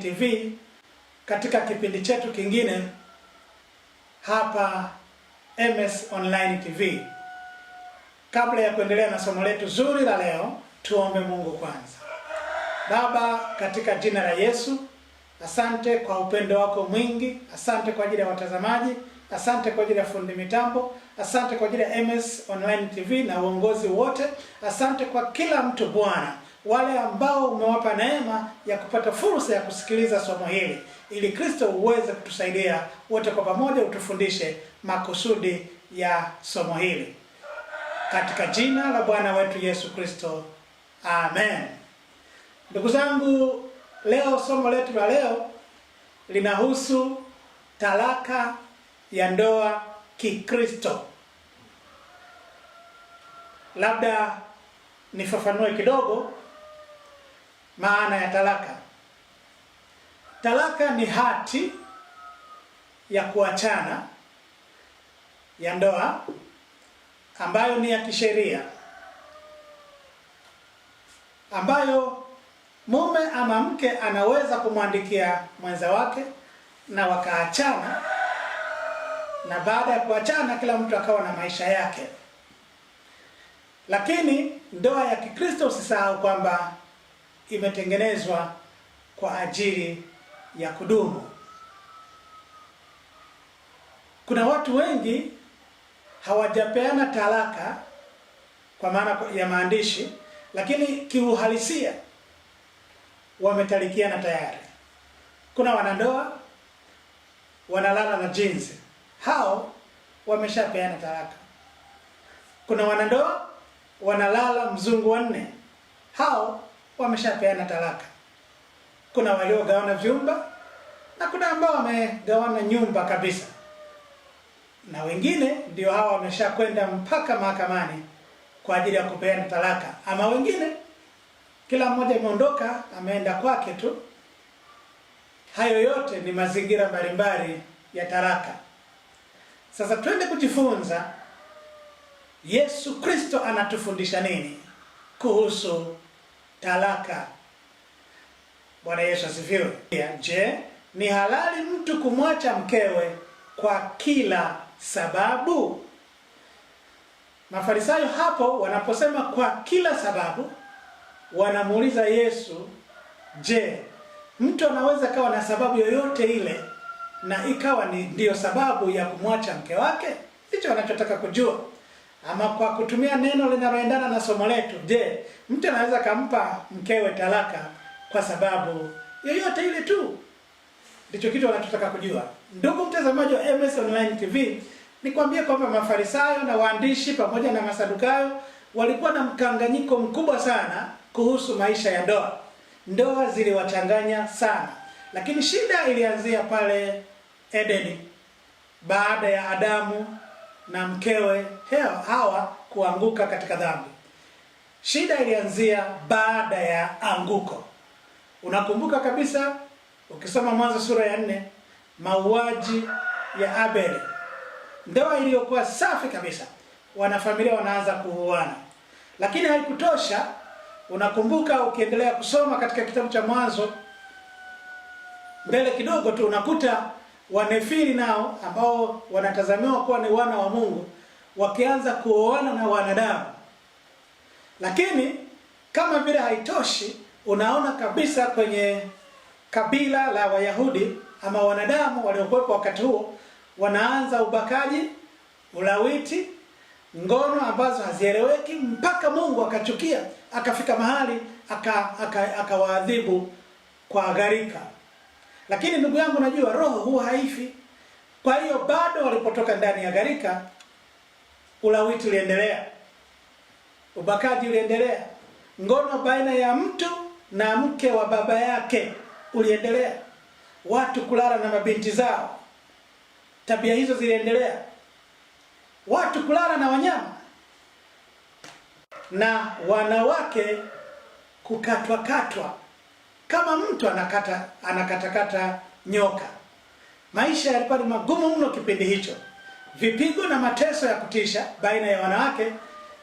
TV katika kipindi chetu kingine hapa MS Online TV. Kabla ya kuendelea na somo letu zuri la leo, tuombe Mungu kwanza. Baba, katika jina la Yesu, asante kwa upendo wako mwingi, asante kwa ajili ya watazamaji, asante kwa ajili ya fundi mitambo, asante kwa ajili ya MS Online TV na uongozi wote, asante kwa kila mtu Bwana wale ambao umewapa neema ya kupata fursa ya kusikiliza somo hili, ili Kristo uweze kutusaidia wote kwa pamoja, utufundishe makusudi ya somo hili katika jina la Bwana wetu Yesu Kristo, amen. Ndugu zangu, leo somo letu la leo linahusu talaka ya ndoa Kikristo. Labda nifafanue kidogo maana ya talaka. Talaka ni hati ya kuachana ya ndoa ambayo ni ya kisheria, ambayo mume ama mke anaweza kumwandikia mwenza wake na wakaachana, na baada ya kuachana kila mtu akawa na maisha yake. Lakini ndoa ya Kikristo usisahau kwamba imetengenezwa kwa ajili ya kudumu. Kuna watu wengi hawajapeana talaka kwa maana ya maandishi, lakini kiuhalisia wametalikiana tayari. Kuna wanandoa wanalala na jinsi, hao wameshapeana talaka. Kuna wanandoa wanalala mzungu wanne, hao wameshapeana talaka. Kuna waliogawana vyumba na kuna ambao wamegawana nyumba kabisa, na wengine ndio hawa wameshakwenda mpaka mahakamani kwa ajili ya kupeana talaka, ama wengine kila mmoja imeondoka ameenda kwake tu. Hayo yote ni mazingira mbalimbali ya talaka. Sasa twende kujifunza Yesu Kristo anatufundisha nini kuhusu talaka. Bwana Yesu asifiwe. Je, ni halali mtu kumwacha mkewe kwa kila sababu? Mafarisayo hapo wanaposema kwa kila sababu, wanamuuliza Yesu, je, mtu anaweza kawa na sababu yoyote ile na ikawa ni ndiyo sababu ya kumwacha mke wake? Hicho wanachotaka kujua ama kwa kutumia neno linaloendana na somo letu, je, mtu anaweza kampa mkewe talaka kwa sababu yoyote ile tu? Ndicho kitu wanachotaka kujua. Ndugu mtazamaji wa MS Online TV, nikwambie kwamba Mafarisayo na waandishi pamoja na Masadukayo walikuwa na mkanganyiko mkubwa sana kuhusu maisha ya ndoa. Ndoa ziliwachanganya sana, lakini shida ilianzia pale Edeni baada ya Adamu na mkewe Hawa kuanguka katika dhambi. Shida ilianzia baada ya anguko. Unakumbuka kabisa ukisoma Mwanzo sura ya nne, mauaji ya Abeli, ndoa iliyokuwa safi kabisa, wanafamilia wanaanza kuuana, lakini haikutosha. Unakumbuka ukiendelea kusoma katika kitabu cha Mwanzo mbele kidogo tu unakuta wanefili nao ambao wanatazamiwa kuwa ni wana wa Mungu wakianza kuoana na wanadamu. Lakini kama vile haitoshi, unaona kabisa kwenye kabila la Wayahudi ama wanadamu waliokuwepo wakati huo wanaanza ubakaji, ulawiti, ngono ambazo hazieleweki mpaka Mungu akachukia, akafika mahali akawaadhibu aka, aka kwa gharika. Lakini ndugu yangu, najua roho huwa haifi. Kwa hiyo bado walipotoka ndani ya gharika, ulawiti uliendelea, ubakaji uliendelea, ngono baina ya mtu na mke wa baba yake uliendelea, watu kulala na mabinti zao, tabia hizo ziliendelea, watu kulala na wanyama na wanawake kukatwakatwa kama mtu anakata anakatakata nyoka. Maisha yalikuwa ni magumu mno kipindi hicho, vipigo na mateso ya kutisha baina ya wanawake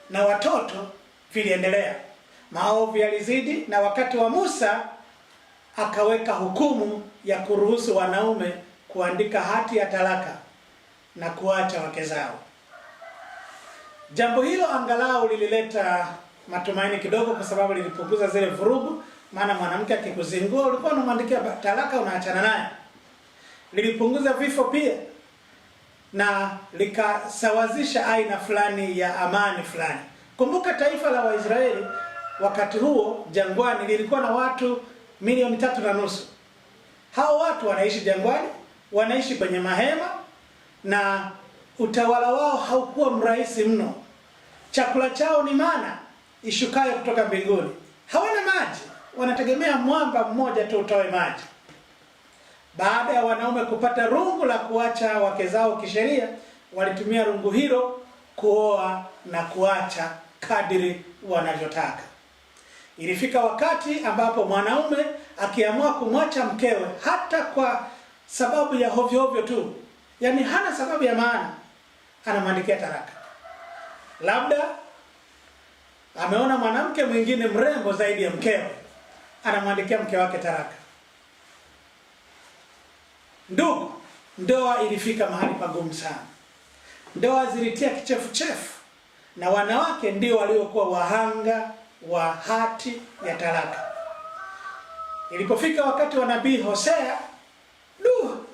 na watoto viliendelea, maovu yalizidi, na wakati wa Musa akaweka hukumu ya kuruhusu wanaume kuandika hati ya talaka na kuacha wake zao. Jambo hilo angalau lilileta matumaini kidogo, kwa sababu lilipunguza zile vurugu maana mwanamke akikuzingua ulikuwa unamwandikia talaka, unaachana naye. Lilipunguza vifo pia na likasawazisha aina fulani ya amani fulani. Kumbuka taifa la Waisraeli wakati huo jangwani lilikuwa na watu milioni tatu na nusu. Hao watu wanaishi jangwani, wanaishi kwenye mahema na utawala wao haukuwa mrahisi mno. Chakula chao ni mana ishukayo kutoka mbinguni, hawana maji wanategemea mwamba mmoja tu utoe maji. Baada ya wanaume kupata rungu la kuacha wake zao kisheria, walitumia rungu hilo kuoa na kuacha kadiri wanavyotaka. Ilifika wakati ambapo mwanaume akiamua kumwacha mkewe hata kwa sababu ya hovyo hovyo tu, yaani hana sababu ya maana, anamwandikia taraka. Labda ameona mwanamke mwingine mrembo zaidi ya mkewe, anamwandikia mke wake taraka. Ndugu, ndoa ilifika mahali pagumu sana. Ndoa zilitia kichefuchefu, na wanawake ndio waliokuwa wahanga wa hati ya taraka Ilipofika wakati wa nabii Hosea, du,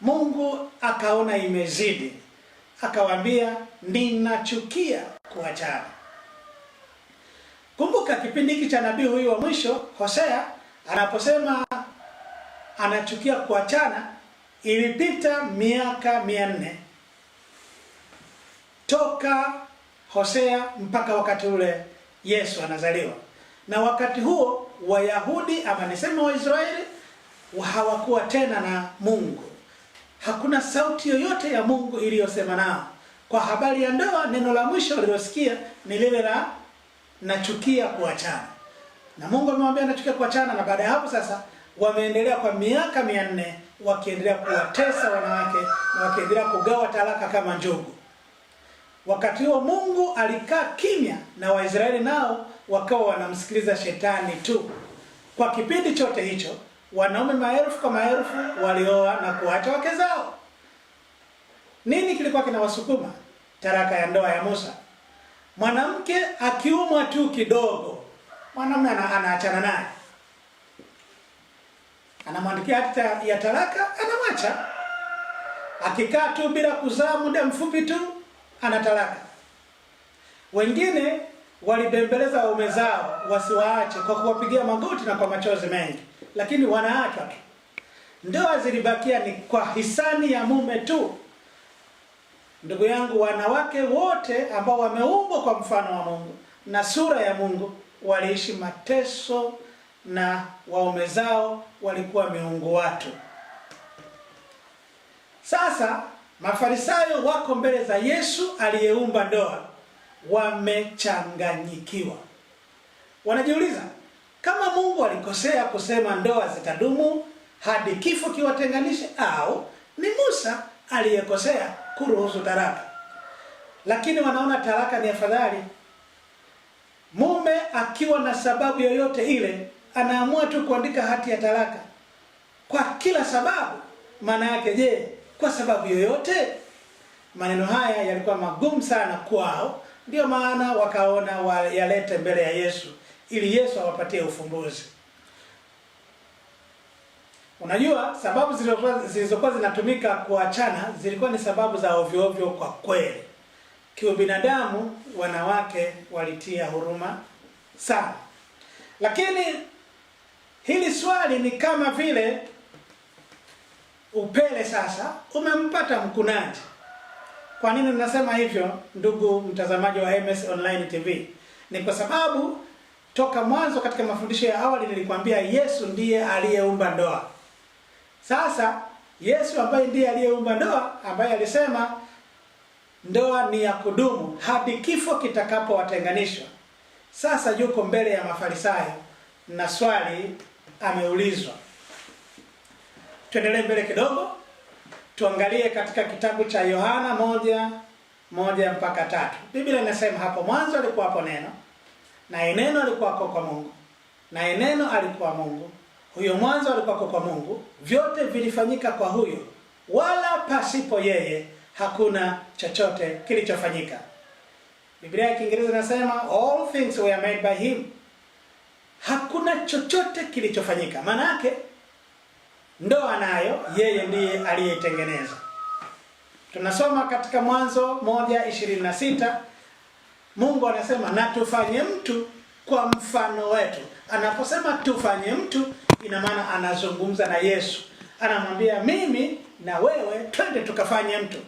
Mungu akaona imezidi, akawaambia ninachukia kuachana. Kumbuka kipindi hiki cha nabii huyu wa mwisho Hosea anaposema anachukia kuachana, ilipita miaka mia nne toka Hosea mpaka wakati ule Yesu anazaliwa, na wakati huo Wayahudi ama niseme Waisraeli hawakuwa tena na Mungu. Hakuna sauti yoyote ya Mungu iliyosema nao kwa habari ya ndoa. Neno la mwisho lililosikia ni lile la nachukia kuachana. Na Mungu amemwambia nachukia kuachana, na baada ya hapo sasa wameendelea kwa miaka mia nne wakiendelea kuwatesa wanawake na wakiendelea kugawa talaka kama njugu. Wakati huo Mungu alikaa kimya na Waisraeli nao wakawa wanamsikiliza shetani tu. Kwa kipindi chote hicho wanaume maelfu kwa maelfu walioa na kuacha wake zao. Nini kilikuwa kinawasukuma? Taraka ya ndoa ya Musa. Mwanamke akiumwa tu kidogo, mwanamume anaachana naye, anamwandikia hata ya talaka, anamwacha. Akikaa tu bila kuzaa muda mfupi tu ana talaka. Wengine walibembeleza waume zao wasiwaache kwa kuwapigia magoti na kwa machozi mengi, lakini wanaachwa tu. Ndoa zilibakia ni kwa hisani ya mume tu. Ndugu yangu, wanawake wote ambao wameumbwa kwa mfano wa Mungu na sura ya Mungu waliishi mateso na waume zao walikuwa miungu watu. Sasa Mafarisayo wako mbele za Yesu aliyeumba ndoa, wamechanganyikiwa. Wanajiuliza kama Mungu alikosea kusema ndoa zitadumu hadi kifo kiwatenganishe, au ni Musa aliyekosea kuruhusu talaka, lakini wanaona talaka ni afadhali. Mume akiwa na sababu yoyote ile, anaamua tu kuandika hati ya talaka kwa kila sababu. Maana yake je, kwa sababu yoyote? Maneno haya yalikuwa magumu sana kwao, ndiyo maana wakaona wayalete mbele ya Yesu ili Yesu awapatie ufumbuzi. Unajua sababu zilizokuwa zinatumika kuachana zilikuwa ni sababu za ovyo ovyo kwa kweli. Kiubinadamu wanawake walitia huruma sana, lakini hili swali ni kama vile upele sasa umempata mkunaji. Kwa nini nasema hivyo, ndugu mtazamaji wa MS Online TV? Ni kwa sababu toka mwanzo katika mafundisho ya awali nilikwambia Yesu ndiye aliyeumba ndoa. Sasa Yesu ambaye ndiye aliyeumba ndoa, ambaye alisema ndoa ni ya kudumu hadi kifo kitakapowatenganisha, sasa yuko mbele ya Mafarisayo na swali ameulizwa. Tuendelee mbele kidogo, tuangalie katika kitabu cha Yohana moja moja mpaka tatu. Biblia inasema hapo mwanzo alikuwapo neno, na neno alikuwa kwa Mungu, na neno alikuwa Mungu huyo mwanzo alikuwako kwa Mungu, vyote vilifanyika kwa huyo, wala pasipo yeye hakuna chochote kilichofanyika. Biblia ya Kiingereza inasema all things were made by him, hakuna chochote kilichofanyika. Maana yake ndoa nayo yeye ndiye aliyeitengeneza. Tunasoma katika Mwanzo 1:26 Mungu anasema na tufanye mtu kwa mfano wetu. Anaposema tufanye mtu Ina maana anazungumza na Yesu, anamwambia mimi na wewe twende tukafanye mtu.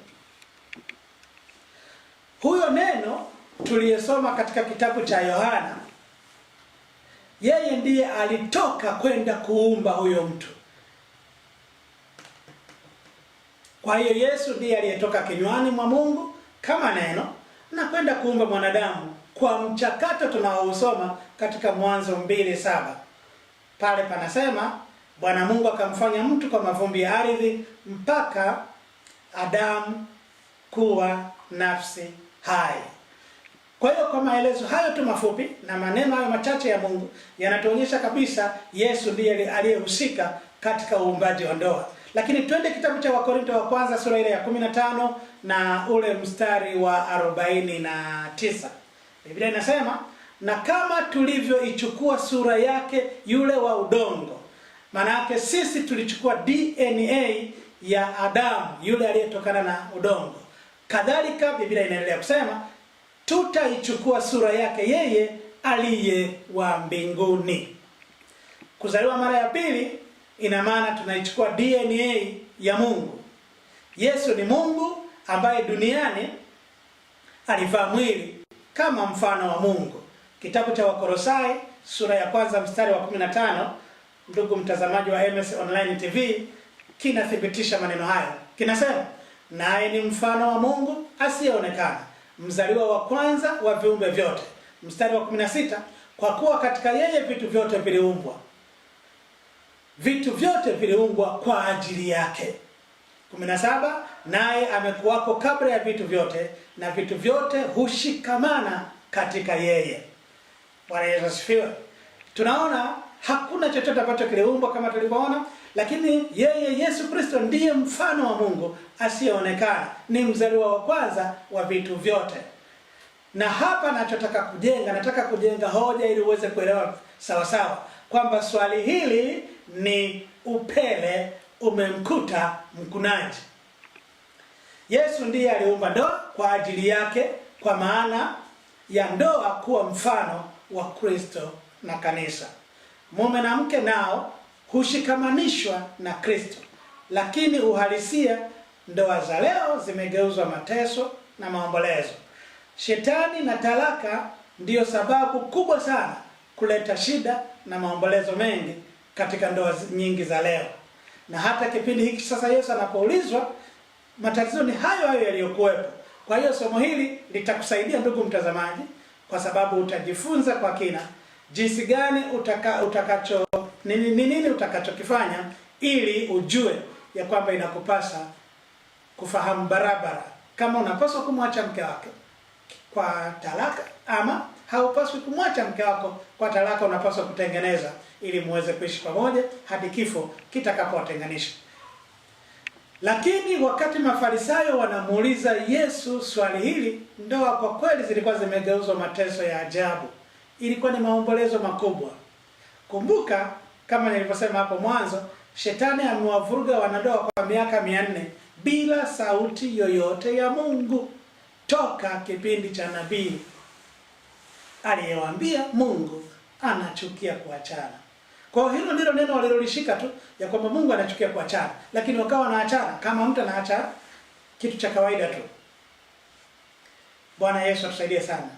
Huyo neno tuliyesoma katika kitabu cha Yohana, yeye ndiye alitoka kwenda kuumba huyo mtu. Kwa hiyo Yesu ndiye aliyetoka kinywani mwa Mungu kama neno na kwenda kuumba mwanadamu kwa mchakato tunaousoma katika Mwanzo mbili saba pale panasema Bwana Mungu akamfanya mtu kwa mavumbi ya ardhi mpaka Adamu kuwa nafsi hai. Kwa hiyo kwa maelezo hayo tu mafupi na maneno hayo machache ya Mungu yanatuonyesha kabisa Yesu ndiye aliyehusika katika uumbaji wa ndoa. Lakini twende kitabu cha Wakorinto wa kwanza sura ile ya 15 na ule mstari wa 49. Biblia inasema na kama tulivyoichukua sura yake yule wa udongo, maana yake sisi tulichukua DNA ya Adamu yule aliyetokana na udongo. Kadhalika Biblia inaendelea kusema tutaichukua sura yake yeye aliye wa mbinguni. Kuzaliwa mara ya pili ina maana tunaichukua DNA ya Mungu. Yesu ni Mungu ambaye duniani alivaa mwili kama mfano wa Mungu. Kitabu cha wakorosai sura ya kwanza mstari wa 15, ndugu mtazamaji wa MS Online TV, kinathibitisha maneno hayo. Kinasema, naye ni mfano wa Mungu asiyeonekana, mzaliwa wa kwanza wa viumbe vyote. Mstari wa 16, kwa kuwa katika yeye vitu vyote viliumbwa, vitu vyote viliumbwa kwa ajili yake. 17, naye amekuwako kabla ya vitu vyote, na vitu vyote hushikamana katika yeye. Bwana Yesu asifiwe. Tunaona hakuna chochote ambacho kiliumbwa kama tulivyoona, lakini yeye Yesu Kristo ndiye mfano wa Mungu asiyeonekana, ni mzaliwa wa kwanza wa vitu vyote. Na hapa nachotaka kujenga, nataka kujenga hoja ili uweze kuelewa sawasawa kwamba swali hili ni upele umemkuta mkunaji. Yesu ndiye aliumba ndoa kwa ajili yake, kwa maana ya ndoa kuwa mfano wa Kristo na kanisa. Mume na mke nao hushikamanishwa na Kristo, lakini uhalisia, ndoa za leo zimegeuzwa mateso na maombolezo. Shetani na talaka ndiyo sababu kubwa sana kuleta shida na maombolezo mengi katika ndoa nyingi za leo. Na hata kipindi hiki sasa Yesu anapoulizwa, matatizo ni hayo hayo yaliyokuwepo. Kwa hiyo somo hili litakusaidia ndugu mtazamaji kwa sababu utajifunza kwa kina jinsi gani utaka, utakacho ni nini, nini utakachokifanya ili ujue ya kwamba inakupasa kufahamu barabara kama unapaswa kumwacha mke wako kwa talaka ama haupaswi kumwacha mke wako kwa talaka. Unapaswa kutengeneza ili muweze kuishi pamoja hadi kifo kitakapowatenganisha. Lakini wakati Mafarisayo wanamuuliza Yesu swali hili, ndoa kwa kweli zilikuwa zimegeuzwa mateso ya ajabu. Ilikuwa ni maombolezo makubwa. Kumbuka kama nilivyosema hapo mwanzo, shetani amewavuruga wanandoa kwa miaka mia nne bila sauti yoyote ya Mungu toka kipindi cha nabii aliyewaambia Mungu anachukia kuachana. Kwa hilo ndilo neno walilolishika tu ya kwamba Mungu anachukia chara. lakini wakawa na achara kama mtu anaachara kitu cha kawaida tu. Bwana Yesu atusaidie sana.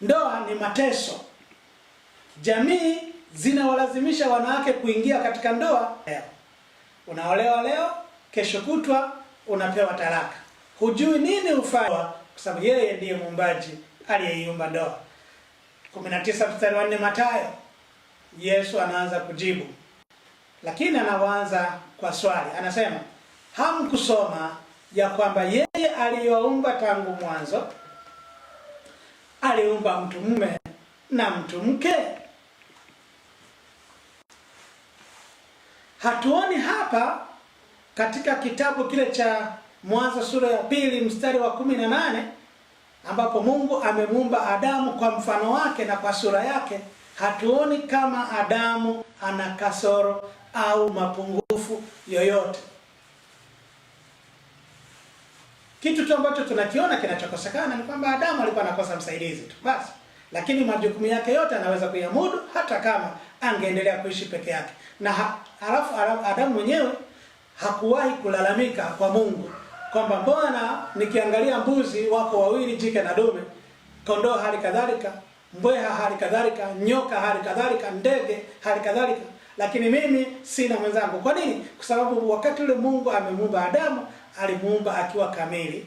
Ndoa ni mateso. Jamii zinawalazimisha wanawake kuingia katika ndoa. Leo unaolewa leo, kesho kutwa unapewa talaka, hujui nini ufanye, kwa sababu yeye ndiye muumbaji aliyeiumba ndoa. 19 mstari wa 4 Mathayo Yesu anaanza kujibu, lakini anaanza kwa swali. Anasema, hamkusoma ya kwamba yeye aliyoumba tangu mwanzo aliumba mtu mume na mtu mke? Hatuoni hapa katika kitabu kile cha Mwanzo sura ya pili mstari wa kumi na nane ambapo Mungu amemuumba Adamu kwa mfano wake na kwa sura yake hatuoni kama Adamu ana kasoro au mapungufu yoyote. Kitu tu ambacho tunakiona kinachokosekana ni kwamba Adamu alikuwa anakosa msaidizi tu basi, lakini majukumu yake yote anaweza kuyamudu hata kama angeendelea kuishi peke yake. Na halafu Adamu mwenyewe hakuwahi kulalamika kwa Mungu kwamba mbona nikiangalia mbuzi wako wawili, jike na dume, kondoo hali kadhalika mbweha, hali kadhalika nyoka, hali kadhalika ndege, hali kadhalika lakini mimi sina mwenzangu. Kwa nini? Kwa sababu wakati ule Mungu amemuumba Adamu, alimuumba akiwa kamili,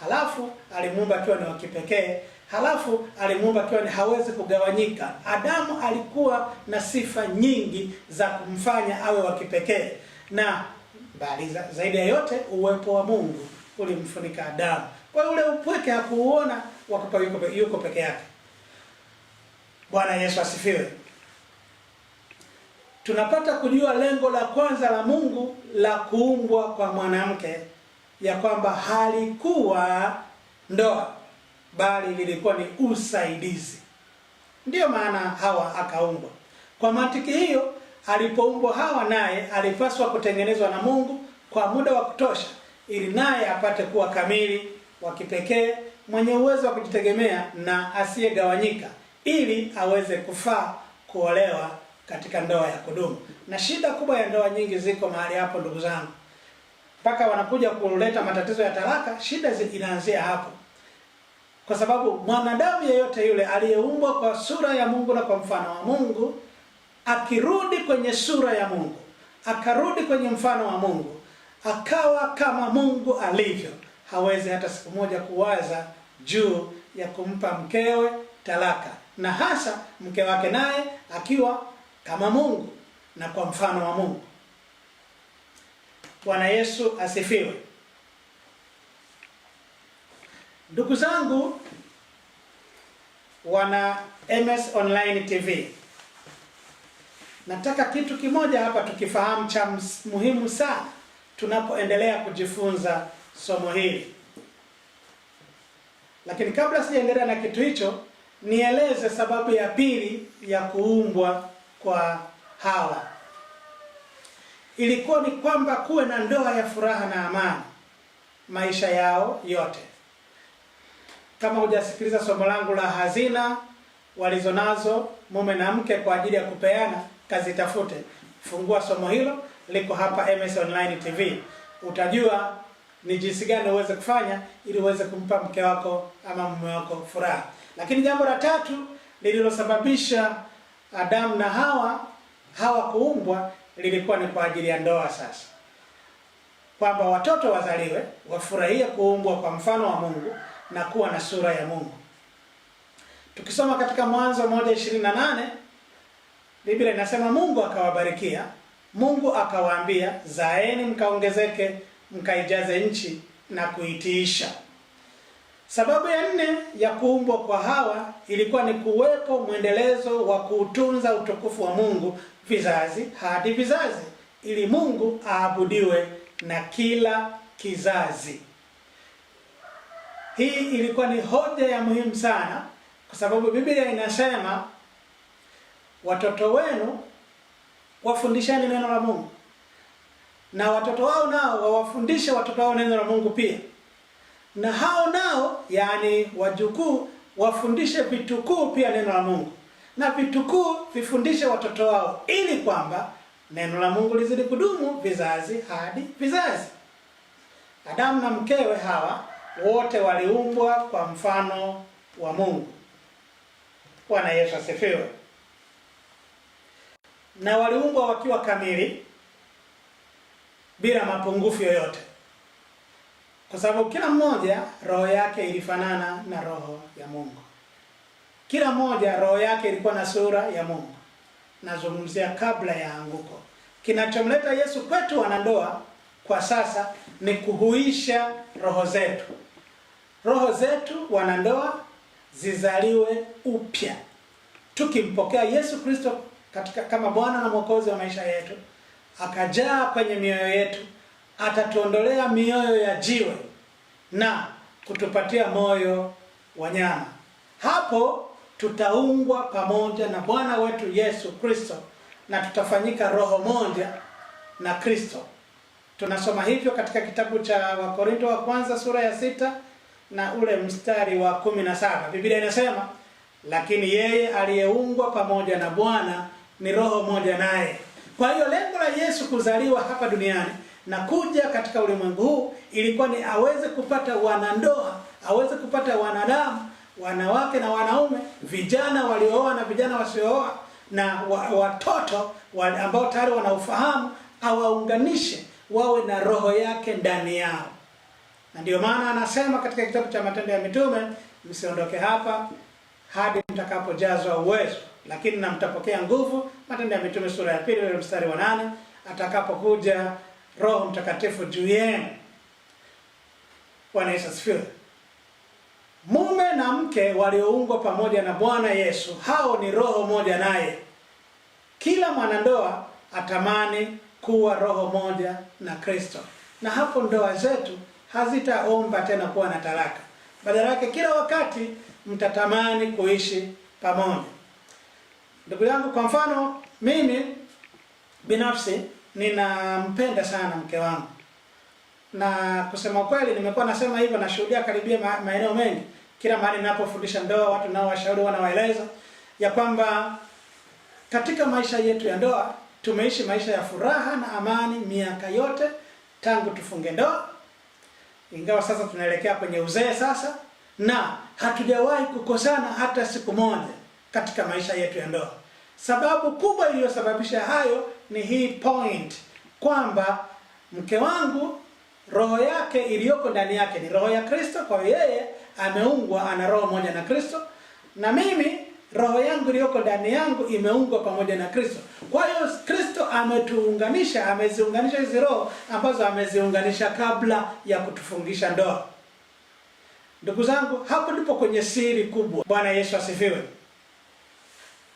halafu alimuumba akiwa ni kipekee, halafu alimuumba akiwa ni hawezi kugawanyika. Adamu alikuwa na sifa nyingi za kumfanya awe wa kipekee, na bali zaidi ya yote uwepo wa Mungu ulimfunika Adamu. Kwa ule upweke hakuuona, wakupa yuko peke yake. Bwana Yesu asifiwe. Tunapata kujua lengo la kwanza la Mungu la kuumbwa kwa mwanamke, ya kwamba halikuwa ndoa, bali lilikuwa ni usaidizi. Ndiyo maana Hawa akaumbwa. Kwa mantiki hiyo, alipoumbwa Hawa naye alipaswa kutengenezwa na Mungu kwa muda wa kutosha, ili naye apate kuwa kamili, wa kipekee, mwenye uwezo wa kujitegemea na asiyegawanyika ili aweze kufaa kuolewa katika ndoa ya kudumu. Na shida kubwa ya ndoa nyingi ziko mahali hapo, ndugu zangu, mpaka wanakuja kuleta matatizo ya talaka. Shida zinaanzia hapo, kwa sababu mwanadamu yeyote yule aliyeumbwa kwa sura ya Mungu na kwa mfano wa Mungu, akirudi kwenye sura ya Mungu, akarudi kwenye mfano wa Mungu, akawa kama Mungu alivyo, hawezi hata siku moja kuwaza juu ya kumpa mkewe talaka na hasa mke wake naye akiwa kama Mungu na kwa mfano wa Mungu. Bwana Yesu asifiwe. Ndugu zangu wana MS Online TV, nataka kitu kimoja hapa tukifahamu cha muhimu sana tunapoendelea kujifunza somo hili, lakini kabla sijaendelea na kitu hicho nieleze sababu ya pili ya kuumbwa kwa Hawa. Ilikuwa ni kwamba kuwe na ndoa ya furaha na amani maisha yao yote. Kama hujasikiliza somo langu la hazina walizonazo mume na mke kwa ajili ya kupeana, kazi tafute Fungua somo hilo, liko hapa MS Online TV. Utajua ni jinsi gani uweze kufanya ili uweze kumpa mke wako ama mume wako furaha. Lakini jambo la tatu lililosababisha Adamu na Hawa hawakuumbwa lilikuwa ni kwa ajili ya ndoa. Sasa kwamba watoto wazaliwe wafurahie kuumbwa kwa mfano wa Mungu na kuwa na sura ya Mungu. Tukisoma katika Mwanzo moja ishirini na nane Biblia inasema Mungu akawabarikia, Mungu akawaambia, zaeni mkaongezeke, mkaijaze nchi na kuitiisha. Sababu ya nne ya kuumbwa kwa Hawa ilikuwa ni kuwepo mwendelezo wa kuutunza utukufu wa Mungu vizazi hadi vizazi, ili Mungu aabudiwe na kila kizazi. Hii ilikuwa ni hoja ya muhimu sana, kwa sababu Biblia inasema watoto wenu wafundisheni neno la Mungu, na watoto wao nao wawafundishe watoto wao neno la Mungu pia na hao nao, yaani wajukuu, wafundishe vitukuu pia neno la Mungu, na vitukuu vifundishe watoto wao, ili kwamba neno la Mungu lizidi kudumu vizazi hadi vizazi. Adamu na mkewe Hawa wote waliumbwa kwa mfano wa Mungu. Bwana Yesu asifiwe. Na waliumbwa wakiwa kamili bila mapungufu yoyote kwa sababu kila mmoja roho yake ilifanana na roho ya Mungu. Kila mmoja roho yake ilikuwa na sura ya Mungu. Nazungumzia kabla ya anguko. Kinachomleta Yesu kwetu wanandoa kwa sasa ni kuhuisha roho zetu. Roho zetu wanandoa zizaliwe upya, tukimpokea Yesu Kristo katika kama Bwana na Mwokozi wa maisha yetu, akajaa kwenye mioyo yetu atatuondolea mioyo ya jiwe na kutupatia moyo wa nyama. Hapo tutaungwa pamoja na Bwana wetu Yesu Kristo na tutafanyika roho moja na Kristo. Tunasoma hivyo katika kitabu cha Wakorinto wa kwanza sura ya sita na ule mstari wa kumi na saba. Biblia inasema, lakini yeye aliyeungwa pamoja na Bwana ni roho moja naye. Kwa hiyo lengo la Yesu kuzaliwa hapa duniani na kuja katika ulimwengu huu ilikuwa ni aweze kupata wanandoa, aweze kupata wanadamu, wanawake na wanaume, vijana waliooa na vijana wasiooa, na watoto wa ambao tayari wanaufahamu, awaunganishe wawe na roho yake ndani yao. Na ndio maana anasema katika kitabu cha Matendo ya Mitume, msiondoke hapa hadi mtakapojazwa uwezo, lakini na mtapokea nguvu. Matendo ya Mitume sura ya pili mstari wa nane atakapokuja Roho Mtakatifu juu yenu. Bwana Yesu asifiwe. Mume na mke walioungwa pamoja na Bwana Yesu, hao ni roho moja naye. Kila mwanandoa atamani kuwa roho moja na Kristo, na hapo ndoa zetu hazitaomba tena kuwa na talaka. Badala yake, kila wakati mtatamani kuishi pamoja. Ndugu yangu, kwa mfano mimi binafsi ninampenda sana mke wangu, na kusema kweli, nimekuwa nasema hivyo, nashuhudia karibia ma maeneo mengi, kila mahali ninapofundisha ndoa, watu nao washauri wanawaeleza ya kwamba katika maisha yetu ya ndoa tumeishi maisha ya furaha na amani miaka yote tangu tufunge ndoa, ingawa sasa tunaelekea kwenye uzee sasa, na hatujawahi kukosana hata siku moja katika maisha yetu ya ndoa. Sababu kubwa iliyosababisha hayo ni hii point kwamba mke wangu roho yake iliyoko ndani yake ni roho ya Kristo. Kwa hiyo yeye ameungwa, ana roho moja na Kristo, na mimi roho yangu iliyoko ndani yangu imeungwa pamoja na Kristo. Kwa hiyo Kristo ametuunganisha, ameziunganisha hizi roho ambazo ameziunganisha kabla ya kutufungisha ndoa. Ndugu zangu, hapo ndipo kwenye siri kubwa. Bwana Yesu asifiwe.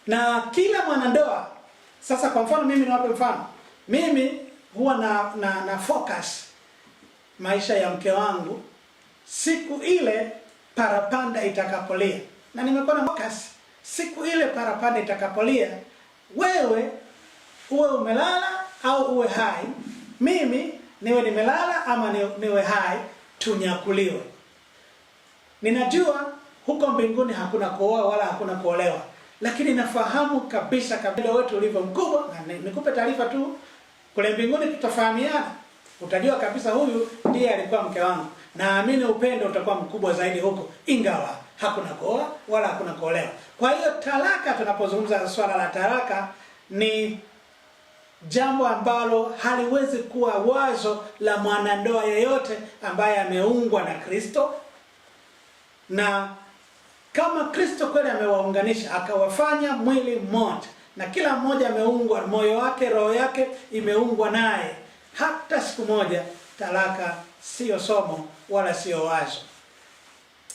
Na kila mwanandoa sasa kwa mfano mimi niwape mfano. Mimi huwa na, na na focus maisha ya mke wangu siku ile parapanda itakapolia. Na nimekuwa na focus siku ile parapanda itakapolia, wewe uwe umelala au uwe hai, mimi niwe nimelala ama niwe hai, tunyakuliwe. Ninajua huko mbinguni hakuna kuoa wala hakuna kuolewa lakini nafahamu kabisa kabila wetu ulivyo mkubwa. Na nikupe taarifa tu, kule mbinguni tutafahamiana, utajua kabisa huyu ndiye alikuwa mke wangu. Naamini upendo utakuwa mkubwa zaidi huko, ingawa hakuna kuoa wala hakuna kuolewa. Kwa hiyo talaka, tunapozungumza swala la talaka, ni jambo ambalo haliwezi kuwa wazo la mwanandoa yeyote ambaye ameungwa na Kristo na kama Kristo kweli amewaunganisha akawafanya mwili mmoja, na kila mmoja ameungwa moyo wake, roho yake imeungwa naye, hata siku moja talaka siyo somo wala siyo wazo.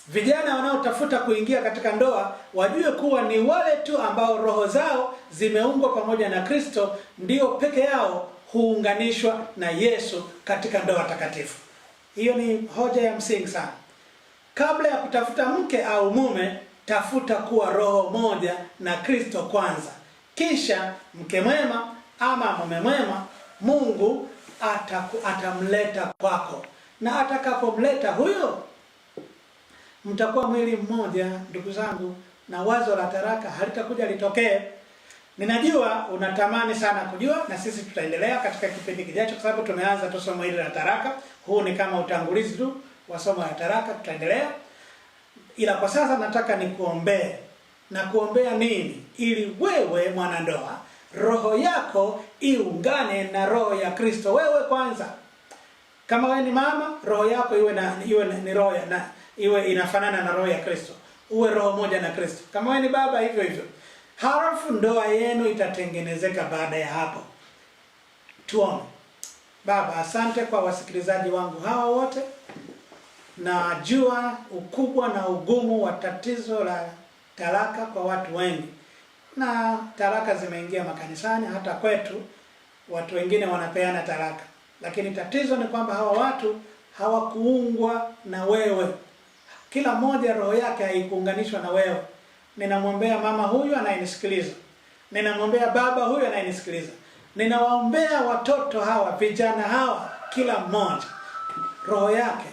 Vijana wanaotafuta kuingia katika ndoa wajue kuwa ni wale tu ambao roho zao zimeungwa pamoja na Kristo ndio peke yao huunganishwa na Yesu katika ndoa takatifu. Hiyo ni hoja ya msingi sana. Kabla ya kutafuta mke au mume, tafuta kuwa roho moja na Kristo kwanza, kisha mke mwema ama mume mwema Mungu ataku, atamleta kwako, na atakapomleta huyo mtakuwa mwili mmoja. Ndugu zangu, na wazo la taraka halitakuja litokee. Ninajua unatamani sana kujua, na sisi tutaendelea katika kipindi kijacho, kwa sababu tumeanza tu somo hili la taraka. Huu ni kama utangulizi tu somo ya taraka tutaendelea, ila kwa sasa nataka nikuombee. Na kuombea nini? Ili wewe mwanandoa, roho yako iungane na roho ya Kristo. Wewe kwanza, kama wewe ni mama, roho yako iwe na iwe ni roho na iwe inafanana na roho ya Kristo, uwe roho moja na Kristo. Kama wewe ni baba, hivyo hivyo, halafu ndoa yenu itatengenezeka. Baada ya hapo, tuone. Baba, asante kwa wasikilizaji wangu hawa wote najua ukubwa na ugumu wa tatizo la talaka kwa watu wengi, na talaka zimeingia makanisani, hata kwetu watu wengine wanapeana talaka. Lakini tatizo ni kwamba hawa watu hawakuungwa na wewe, kila mmoja roho yake haikuunganishwa na wewe. Ninamwombea mama huyu anayenisikiliza, ninamwombea baba huyu anayenisikiliza, ninawaombea watoto hawa, vijana hawa, kila mmoja roho yake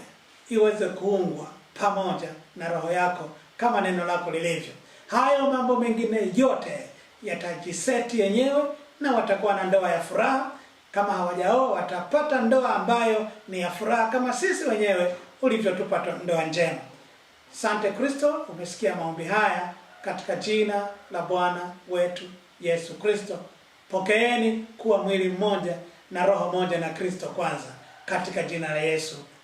iweze kuungwa pamoja na roho yako kama neno lako lilivyo. Hayo mambo mengine yote yatajiseti yenyewe, na watakuwa na ndoa ya furaha. Kama hawajaoa watapata ndoa ambayo ni ya furaha, kama sisi wenyewe ulivyotupa ndoa njema. Sante Kristo, umesikia maombi haya katika jina la Bwana wetu Yesu Kristo. Pokeeni kuwa mwili mmoja na roho moja na Kristo kwanza, katika jina la Yesu.